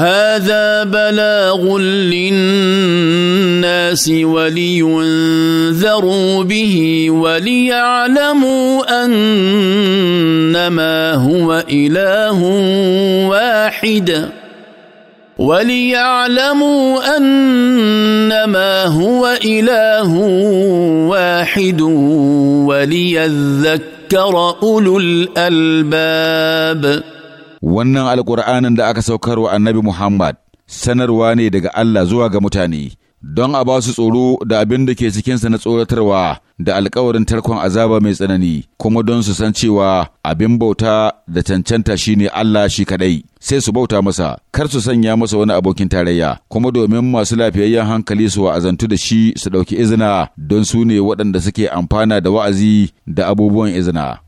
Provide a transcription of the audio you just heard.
هذا بلاغ للناس ولينذروا به وليعلموا انما هو اله واحد وليعلموا انما هو اله واحد وليذكر اولو الالباب wannan alƙur'anin da aka saukar wa annabi Muhammad sanarwa ne daga Allah zuwa ga mutane don a ba su tsoro da abin da ke cikinsa na tsoratarwa da alkawarin tarkon azaba mai tsanani kuma don su san cewa abin bauta da cancanta shine Allah shi kadai sai su bauta masa kar su sanya masa wani abokin tarayya kuma domin masu lafiyayyen hankali su wa'azantu da shi su ɗauki izina don su ne waɗanda suke amfana da wa'azi da abubuwan izina